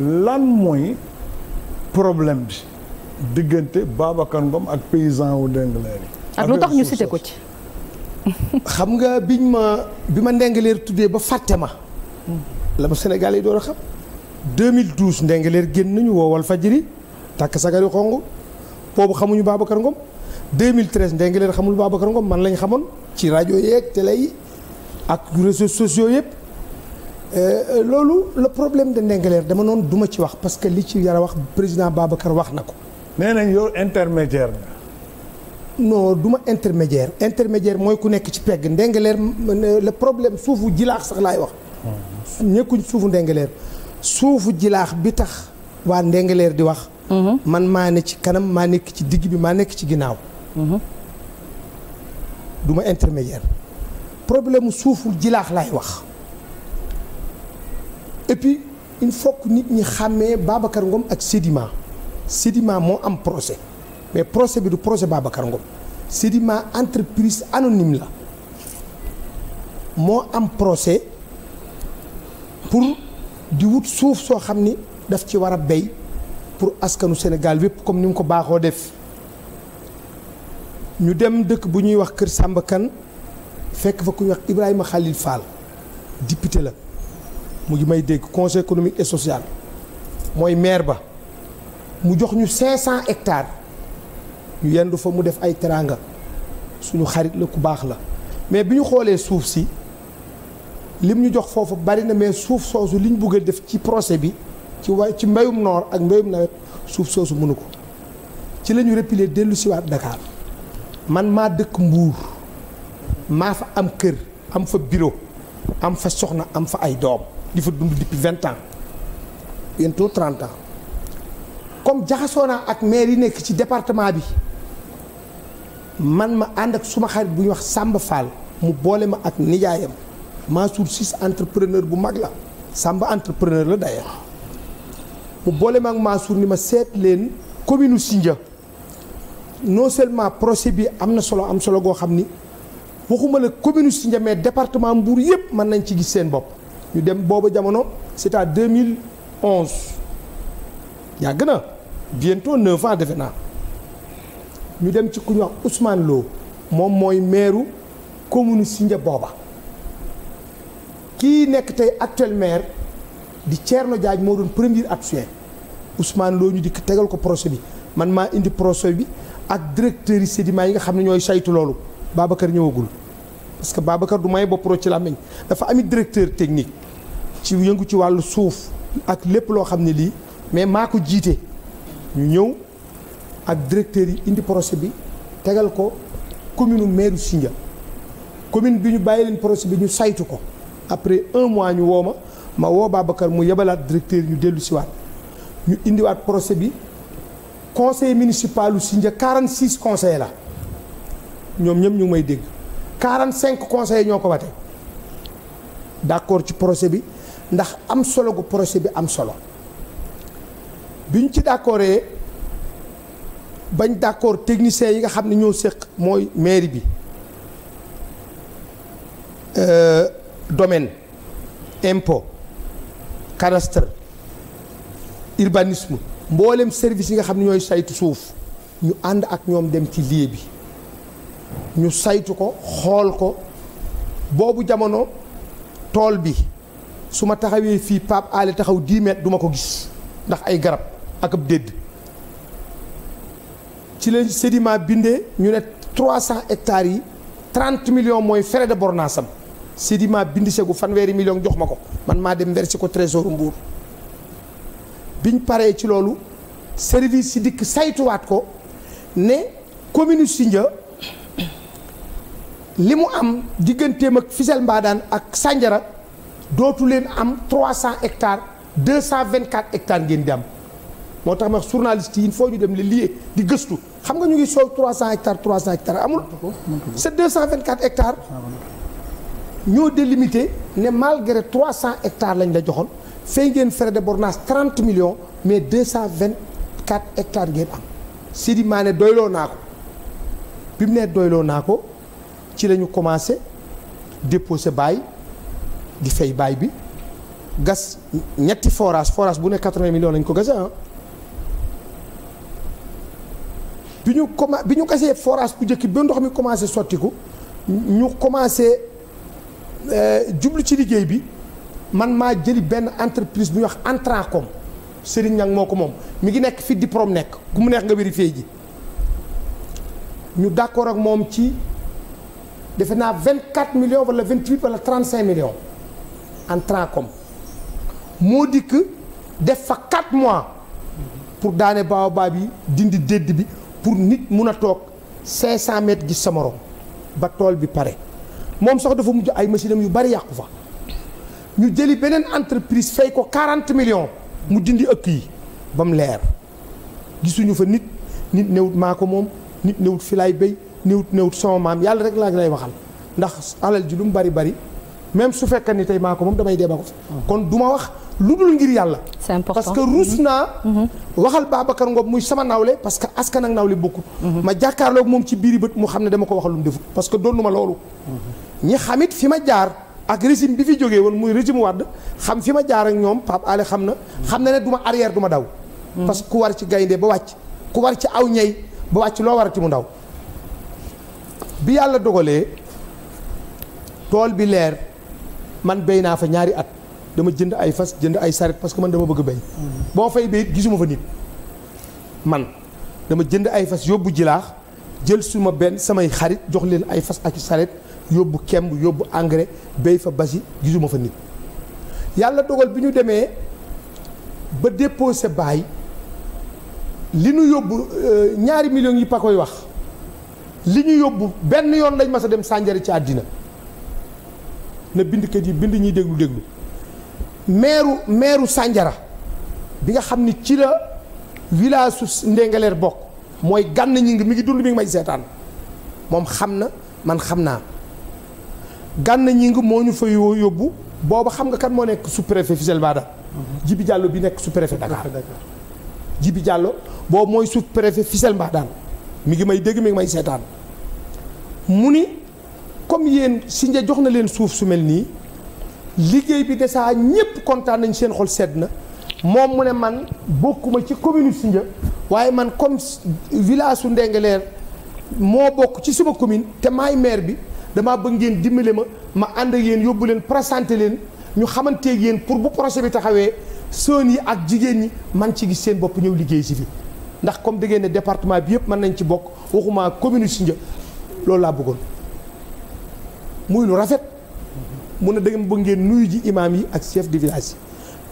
lan mooy problème bi diggante Babacar Ngom ak paysan wu Ndingler yi. ak lu tax ñu cité ko ci. xam nga bi ñu ma bi ma Ndingler tuddee ba fàtte ma. la ma Sénégal yi door a xam. 2012 Ndingler génn nañu woowal fajiri takk sagari xong boobu xamuñu Babacar Ngom. 2013 Ndingler xamul Babacar Ngom man lañ xamoon ci rajo yeeg télé yi ak réseaux sociaux yëpp. Euh, euh, loolu le problème de Ndingler dama noonu duma ci wax parce que li ci yara wax président Babacar wax na ko. nee nañ yow intermédiaire nga. duma du ma mooy ku nekk ci pegg ndengaleer euh, le problème suufu jilaax sax laay wax. ñekkuñ hmm. suufu ndengaleer suufu jilaax bi tax waa ndengaleer di wax. Hmm. man maa ne ci kanam maa nekk ci digg bi maa nekk ci ginnaaw. Hmm. duma ma intermédiaire problème suufu jilaax laay wax. et il faut que nit ñi xàmmee Babacar Ngom ak Sedima Sedima moo am procès mais procès bi du projet Babacar Ngom Sedima entreprise anonyme la moo am procès pour di wut suuf soo xam ni daf ci war a béy pour askanu Sénégal wépp comme ni mu ko baaxoo def ñu dem dëkk bu ñuy wax Kër Samba Kane fekk fa ku ñuy wax Ibrahima xalil Fall député la mu ju may dégg conseil économique et social mooy maire ba mu jox ñu 500 hectares ñu yendu fa mu def ay teraanga suñu xarit la ku baax la mais bi ñu xoolee suuf si lim ñu jox foofu bari na mais suuf soosu li ñu bëgg a def ci procès bi ci wa ci mbéyum noor ak mbéyum nawet suuf soosu mënu ko ci la ñu repiler dellu si waat Dakar man maa dëkk Mbuur maa fa am kër am fa bureau am fa soxna am fa ay doom. di fa dund depuis vingt ans bientôt trente ans comme jaxasoo naa ak maire yi nekk ci département bi man ma ànd ak suma xarit bu ñuy wax sàmba Fall mu boole ma ak nijaayam Mansour Ciss entrepreneur bu mag la sàmba entrepreneur la d'ailleurs mu boole ma ak Mansour ni ma seet leen commune Sindia non seulement procès bi am na solo am solo goo xam ni waxuma la commune Sindia mais département Mbour yëpp mën nañ ci gis seen bopp ñu dem booba jamono c'est mille 2011 yàgg na bientôt 9 ans defe naa ñu dem ci ku ñu wax Ousmane Lo moom mooy maire commune Sindia booba kii nekk tey actuel maire di Thierno jaaj moo doon premier adjoint Ousmane loo ñu dikk tegal ko projet bi man maa indi projet bi ak directeur yi sédiments yi nga xam ne ñooy saytu loolu Babacar ñëwagul parce que Babacar du may bopp ci làmmiñ dafa ami directeur technique ci yëngu ci wàllu suuf ak lépp loo xam ne lii mais maa ko jiite ñu ñëw ak directeur yi indi projet bi tegal ko commune maire Sindia commune bi ñu bàyyi leen projet bi ñu saytu ko après un mois ñu woo ma ma woo Babacar mu yebalaat directeur yi ñu dellu si waat ñu indiwaat projet bi conseil municipal u Sindia 46 conseillers la ñoom ñëpp ñu may dégg cinq conseillers ñoo ko wate d'accord ci projet bi ndax am solo gu projet bi am solo biñ ci d'accordee bañ d'accord techniciens yi nga xam ne ñoo séq mooy mairie bi euh, domaine impo cadastre urbanisme mboolem service yi nga xam ne ñooy saytu suuf ñu ànd ak ñoom dem ci lieu bi ñu saytu ko xool ko boobu jamono tool bi su ma taxawee fii Pape Alé taxaw 10 duma ko gis ndax ay garab ak ab dédd ci la sédiment bindee ñu ne 300 hectares yi 30 millions mooy frais de bornage am sédiment bind segu fanweeri millions jox ma ko man maa dem verser ko trésor Mbour biñ paree ci loolu service yi dikk saytuwaat ko ne commune Sindia li mu am digganteem ak Fissel Mbadane ak sànjara dootu leen am deux 300 vingt 224 hectares ngeen di am moo tax nag journaliste yi il faut ñu dem lii lier di gëstu xam nga ñu ngi soow 300 hectares 300 hectares amul. c'est 224 ectare ñoo délimité ne malgré 300 hectares lañ la joxoon fay ngeen frais de bornage 30 millions mais 224 hectares ngeen am. Sidi Mané doyloo naa ko bi mu ne doyloo naa ko ci la ñu commencé déposé bàyyi. di fay baay bi gas ñetti forage forage bu ne quatre-vingts millions lañ ko gase ah bi ñu commen bi ñu gasee forage bu njëkk ba ndox mi commencé sottiku ñu commencé euh, jublu ci liggéey bi man maa jëli benn entreprise bu ñuy wax Entracom Serigne Niang moo ko moom mi ngi nekk fii di prom nekk ku mu neex nga vérifié ji ñu d'accord ak moom ci defe naa vingt-quatre millions wala vingt-huit wala trente-cinq millions en Tracom moo dikk def fa 4 mois pour daane baobab yi dindi dédd bi pour nit mun a toog 500 mètres gis sa morom ba tool bi pare moom sox dafa mujj ay machine yu bari yàqu fa ñu jëli beneen entreprise fay ko 40 million mu dindi ëkk yi ba mu leer gisuñu fa nit nit newut maa ko moom nit newut fi laay béy newut newut sama maam yàlla rek laa lay waxal ndax alal ji lu mu bari bari même su fekkee ni tey maa ko moom damay dee ba ko kon du ma wax lu dul ngir yàlla. c'est parce que ruus mm-hmm. naa. Mm-hmm. waxal Babacar Ngom muy sama nawle parce que askan ak nawle bokkut. Mm-hmm. ma jàkkaarloog moom ci biiri bët mu xam ne dama ko waxal lu mu defut parce que doonu ma loolu. ñi xamit fi ma jaar. ak régime bi fi jógee woon muy régime Wade xam fi ma jaar ak ñoom Pape ale xam na. xam na ne du ma arrière du ma daw. parce que ku war ci gaynde ba wàcc. ku war ci aw ñey ba wàcc loo war warati mu ndaw. bi yàlla dogalee tool bi leer. man béy naa fa ñaari at dama jënd ay fas jënd ay saret parce que man dama bëgg ba boo fay béy gisuma fa nit man dama jënd ay fas yóbbu jilaax jël suma benn samay xarit jox leen ay fas ak saret yóbbu kemb yóbbu engrais béy fa basi gisuma fa nit yàlla dogal bi ñu demee ba déposé baay li ñu yóbbu euh, ñaari millions yi pa koy wax li ñu yóbbu benn yoon lañ mas a dem sànjari ci àddina na bind bindkat yi bind ñuy déglu déglu meeru meeru Sandiara bi nga xam ni ci la village su Ndingler bokk mooy gànn ñi ngi mi ngi dund mi ngi may seetaan moom xam na man xam naa gànn ñi moo ñu fa yóbbu booba xam nga kan moo nekk sous-préfet Fissel Bada mm-hmm. Jibi bi nekk sous-préfet Dakar Jibi Diallo boobu mooy sous-préfet ngi may dégg mi ngi may seetaan mu ni comme yéen Sindia jox na leen suuf su mel nii liggéey bi dèjà ñëpp kontaan nañ seen xol sedd na moom mu ne man ma ci commune Sindia waaye man comme village su Ndingler moo bokk ci suma commune te maay maire bi damaa bëgg ngeen dimbale ma ma ànd ak yéen yóbbu leen présenté leen ñu xamanteeg yéen pour bu projet bi taxawee sën yi ak jigéen ñi man ci gis seen bopp ñëw liggéey si fi ndax comme da ngeen ne département bi yëpp mën nañ ci bokk waxuma commune Sindia loolu laa bëggoon. muy lu rafet mu ne dëgg bëgg ngeen nuyu ji imaam yi ak chef de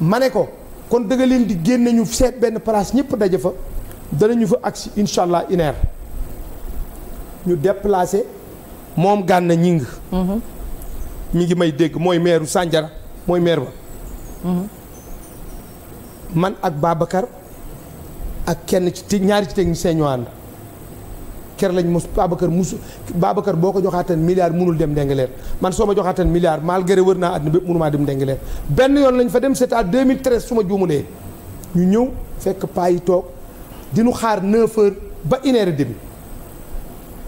ma ne ko kon dëgg leen di génne ñu seet benn place ñëpp daje fa danañu fa agsi incha allah une heure ñu déplacé moom gànna ñing mm-hmm. mi ngi may dégg mooy meeru Sandiara mooy meer ba mm-hmm. man ak Babacar ak kenn ci ñaari ci technicien ñu ànd ker lañ mos Babacar mus Babacar boo ko joxaateen milliard munul dem Ndingler man soo ma joxaateen milliard malgré wër naa àdduna bépp munumaa dem Ndingler benn yoon lañ fa dem c'est à 2013 su ma juumulee ñu ñëw fekk paa yi toog di nu xaar 9 ba une heure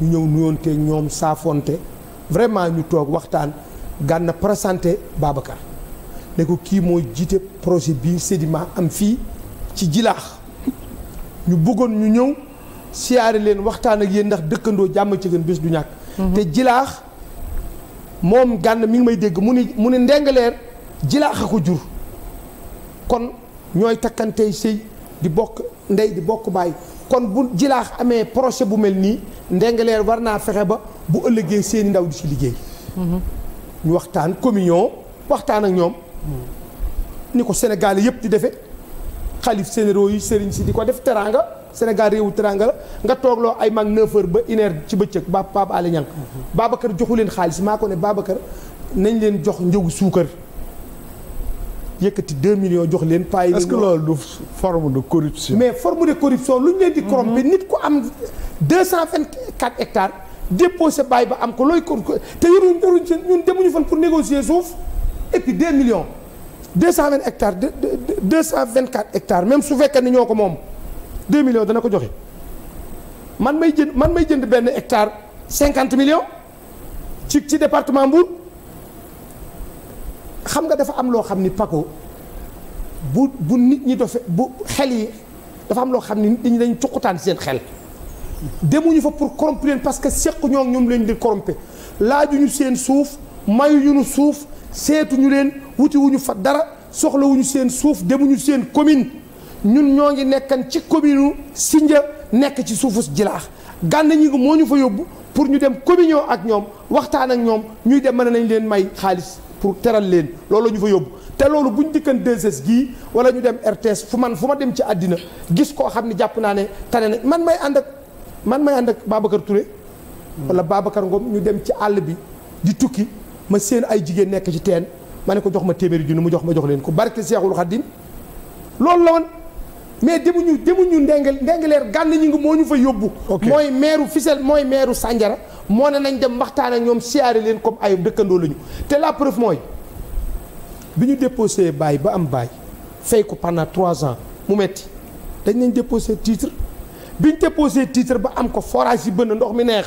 ñu ñëw nuyoonte ñoom saafoonte vraiment ñu toog waxtaan gànna présenté Babacar ne ko kii mooy jiite projet bii Sedima am fii ci jilaax ñu buggoon ñu ñëw. siyaare leen waxtaan ak yéen ndax dëkkandoo jàmm ci gën bis du ñàkk. Mhm. te jilaax moom gànn mi ngi may dégg mu ni mu ni ndengaleer jilaax ko jur. kon ñooy takkantey sëy di bokk ndey di bokk baay kon bu jilaax amee projet bu mel nii ndengaleer war naa fexe ba bu ëllëgee seeni ndaw di ci liggéey. Mhm. ñu waxtaan communion waxtaan ak ñoom. Mhm. ni ko Sénégal yëpp di defee xalif généraux yi sëriñ si di ko def teraanga. Sénégal réewu teranga la nga toogloo ay mag 9h ba 1 ci bëccëg ba Pape Alé Niang mhm. Babacar joxu leen xaalis maa ko ne Babacar nañ leen jox njëgu suukar yëkkati 2 millions jox leen. paay est que loolu du forme de corruption. mais forme de corruption lu ñu leen di. Mhm. corrompre nit ku am 224 hectares. déposé bàyyi ba am ko looy ko te yoruñ yoruñ seen ñun demuñu fan pour négocier suuf et puis 2 millions 220 hectares 224 ectare même su fekkee ne ñoo ko 2 millions dana ko joxe man may jënd man may jënd benn hectare 50 millions ci ci département Mbour xam nga dafa am loo xam ni Paco bu bu nit ñi dofe bu xel yi dafa am loo xam ni nit ñi dañu cuqutaan seen xel demuñu fa pour corrompre leen parce que seq ñoom lañu di corrompre laajuñu seen suuf mayuñu nu suuf seetuñu leen wutiwuñu fa dara soxlawuñu seen suuf demuñu seen commune ñun ñoo ngi nekkan ci commune Sindia nekk ci suufus jilaax gànn ñi moo ñu fa yóbbu pour ñu dem communion ak ñoom waxtaan ak ñoom ñuy dem man mën nañ leen may xaalis pour teral leen loolu ñu fa yóbbu te loolu bu ñu dikkan 2S gii wala ñu dem RTS fu man fu ma dem ci àddina gis koo xam ni jàpp naa ne tane na man may ànd ak man may ànd ak Babacar Touré wala Babacar Ngom ñu dem ci àll bi di tukki ma seen ay jigéen nekk ci teen ma ne ko jox ma téeméeri junni mu jox ma jox leen ko barke Seexul Xaddim loolu mais demuñu demuñu ndengel ndengeleer gànn ñi ngi moo ñu fa yóbbu mooy maire Fissel mooy maire Sandiara moo ne nañ dem waxtaan ak ñoom siyaare leen comme ay dëkkandoo lañu te la preuve mooy bi ñu déposé baay ba am baay fay ko pendant trois ans mu metti dañ nañ déposé titre bi ñu déposé titre ba am ko forage yi bënn ndox mi neex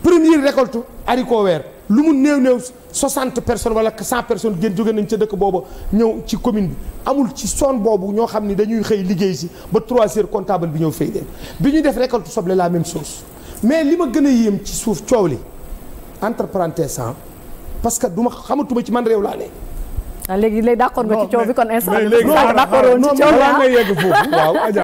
première récolte haricot lu mu néew néew 60 personnes wala 100 personnes gën jóge nañ ca dëkk booba ñëw ci commune bi amul ci zone boobu ñoo xam ni dañuy xëy liggéey si ba 3 heures comptable bi ñëw fay leen bi ñuy def récolte soble la même chose mais li ma gën a yéem ci suuf coow li entre sant parce que du ma xamatuma ci man réew laa ne. ah léegi léegi d'accord nga ci coow bi kon instant. mais léegi nga yegg foofu